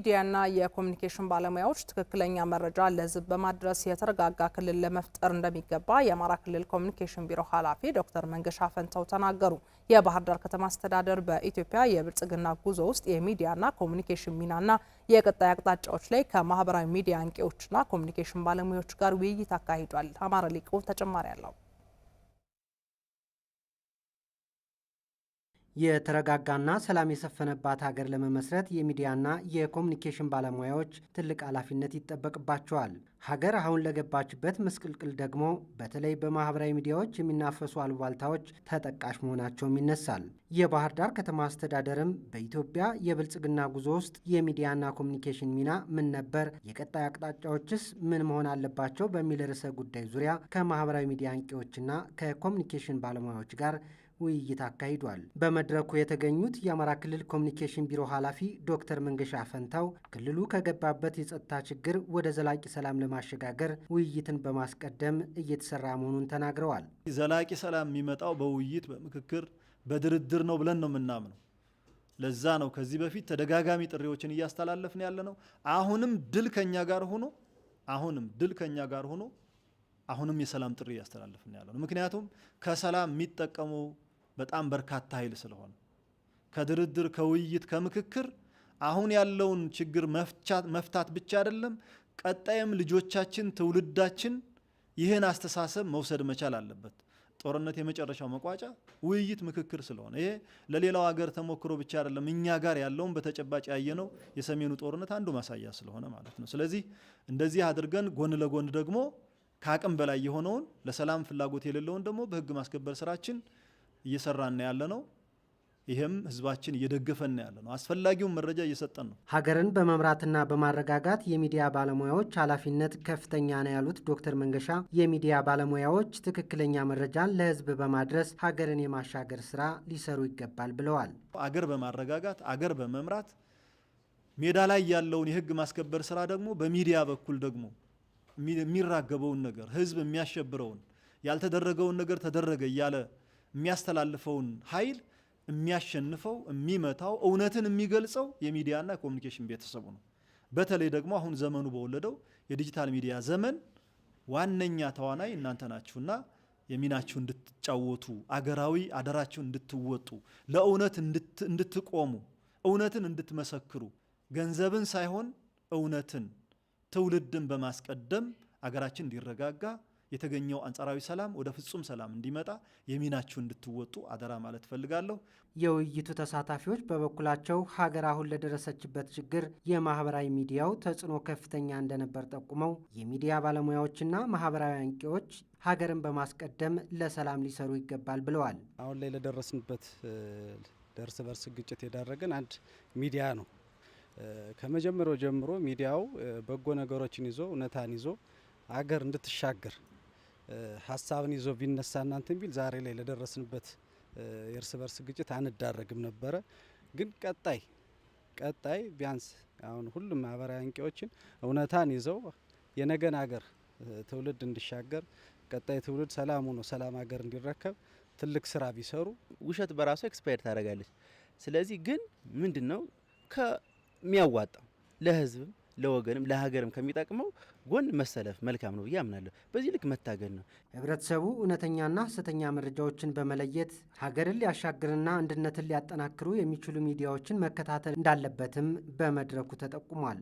ሚዲያና የኮሚኒኬሽን ባለሙያዎች ትክክለኛ መረጃ ለዝብ በማድረስ የተረጋጋ ክልል ለመፍጠር እንደሚገባ የአማራ ክልል ኮሚኒኬሽን ቢሮ ኃላፊ ዶክተር መንገሻ ፈንተው ተናገሩ። የባህር ዳር ከተማ አስተዳደር በኢትዮጵያ የብልጽግና ጉዞ ውስጥ የሚዲያና ኮሚኒኬሽን ሚናና የቀጣይ አቅጣጫዎች ላይ ከማህበራዊ ሚዲያ አንቂዎችና ኮሚኒኬሽን ባለሙያዎች ጋር ውይይት አካሂዷል። አማራ ሊቁ ተጨማሪ አለው። የተረጋጋና ሰላም የሰፈነባት ሀገር ለመመስረት የሚዲያና የኮሚኒኬሽን ባለሙያዎች ትልቅ ኃላፊነት ይጠበቅባቸዋል። ሀገር አሁን ለገባችበት ምስቅልቅል ደግሞ በተለይ በማህበራዊ ሚዲያዎች የሚናፈሱ አሉባልታዎች ተጠቃሽ መሆናቸውም ይነሳል። የባህር ዳር ከተማ አስተዳደርም በኢትዮጵያ የብልጽግና ጉዞ ውስጥ የሚዲያና ኮሚኒኬሽን ሚና ምን ነበር፣ የቀጣይ አቅጣጫዎችስ ምን መሆን አለባቸው በሚል ርዕሰ ጉዳይ ዙሪያ ከማህበራዊ ሚዲያ አንቂዎችና ከኮሚኒኬሽን ባለሙያዎች ጋር ውይይት አካሂዷል። በመድረኩ የተገኙት የአማራ ክልል ኮሚኒኬሽን ቢሮ ኃላፊ ዶክተር መንገሻ ፈንታው ክልሉ ከገባበት የጸጥታ ችግር ወደ ዘላቂ ሰላም ለማሸጋገር ውይይትን በማስቀደም እየተሰራ መሆኑን ተናግረዋል። ዘላቂ ሰላም የሚመጣው በውይይት፣ በምክክር፣ በድርድር ነው ብለን ነው የምናምነው። ለዛ ነው ከዚህ በፊት ተደጋጋሚ ጥሪዎችን እያስተላለፍን ያለ ነው። አሁንም ድል ከኛ ጋር ሆኖ አሁንም ድል ከኛ ጋር ሆኖ አሁንም የሰላም ጥሪ እያስተላለፍን ያለ ነው። ምክንያቱም ከሰላም የሚጠቀሙ በጣም በርካታ ኃይል ስለሆነ ከድርድር ከውይይት ከምክክር አሁን ያለውን ችግር መፍታት ብቻ አይደለም፣ ቀጣይም ልጆቻችን ትውልዳችን ይህን አስተሳሰብ መውሰድ መቻል አለበት። ጦርነት የመጨረሻው መቋጫ ውይይት፣ ምክክር ስለሆነ ይሄ ለሌላው ሀገር ተሞክሮ ብቻ አይደለም፣ እኛ ጋር ያለውን በተጨባጭ ያየነው የሰሜኑ ጦርነት አንዱ ማሳያ ስለሆነ ማለት ነው። ስለዚህ እንደዚህ አድርገን ጎን ለጎን ደግሞ ከአቅም በላይ የሆነውን ለሰላም ፍላጎት የሌለውን ደግሞ በህግ ማስከበር ስራችን እየሰራና ያለ ነው። ይህም ህዝባችን እየደገፈና ያለ ነው። አስፈላጊውን መረጃ እየሰጠን ነው። ሀገርን በመምራትና በማረጋጋት የሚዲያ ባለሙያዎች ኃላፊነት ከፍተኛ ነው ያሉት ዶክተር መንገሻ የሚዲያ ባለሙያዎች ትክክለኛ መረጃን ለህዝብ በማድረስ ሀገርን የማሻገር ስራ ሊሰሩ ይገባል ብለዋል። አገር በማረጋጋት አገር በመምራት ሜዳ ላይ ያለውን የህግ ማስከበር ስራ ደግሞ በሚዲያ በኩል ደግሞ የሚራገበውን ነገር ህዝብ የሚያሸብረውን ያልተደረገውን ነገር ተደረገ እያለ የሚያስተላልፈውን ኃይል የሚያሸንፈው የሚመታው እውነትን የሚገልጸው የሚዲያና የኮሚኒኬሽን ቤተሰቡ ነው። በተለይ ደግሞ አሁን ዘመኑ በወለደው የዲጂታል ሚዲያ ዘመን ዋነኛ ተዋናይ እናንተ ናችሁና የሚናችሁ እንድትጫወቱ አገራዊ አደራችሁ እንድትወጡ ለእውነት እንድትቆሙ እውነትን እንድትመሰክሩ ገንዘብን ሳይሆን እውነትን ትውልድን በማስቀደም አገራችን እንዲረጋጋ የተገኘው አንጻራዊ ሰላም ወደ ፍጹም ሰላም እንዲመጣ የሚናችሁ እንድትወጡ አደራ ማለት ፈልጋለሁ። የውይይቱ ተሳታፊዎች በበኩላቸው ሀገር አሁን ለደረሰችበት ችግር የማህበራዊ ሚዲያው ተጽዕኖ ከፍተኛ እንደነበር ጠቁመው የሚዲያ ባለሙያዎችና ማህበራዊ አንቂዎች ሀገርን በማስቀደም ለሰላም ሊሰሩ ይገባል ብለዋል። አሁን ላይ ለደረስንበት ለእርስ በርስ ግጭት የዳረገን አንድ ሚዲያ ነው። ከመጀመሪያው ጀምሮ ሚዲያው በጎ ነገሮችን ይዞ እውነታን ይዞ አገር እንድትሻገር ሀሳብን ይዞ ቢነሳ እናንተን ቢል ዛሬ ላይ ለደረስንበት የእርስ በርስ ግጭት አንዳረግም ነበረ። ግን ቀጣይ ቀጣይ ቢያንስ አሁን ሁሉም ማህበራዊ አንቂዎችን እውነታን ይዘው የነገን ሀገር ትውልድ እንዲሻገር ቀጣይ ትውልድ ሰላም ሆኖ ሰላም ሀገር እንዲረከብ ትልቅ ስራ ቢሰሩ። ውሸት በራሱ ኤክስፓየር ታደርጋለች። ስለዚህ ግን ምንድን ነው ከሚያዋጣው ለህዝብም ለወገንም ለሀገርም ከሚጠቅመው ጎን መሰለፍ መልካም ነው ብዬ አምናለሁ። በዚህ ልክ መታገል ነው። ህብረተሰቡ እውነተኛና ሐሰተኛ መረጃዎችን በመለየት ሀገርን ሊያሻግርና አንድነትን ሊያጠናክሩ የሚችሉ ሚዲያዎችን መከታተል እንዳለበትም በመድረኩ ተጠቁሟል።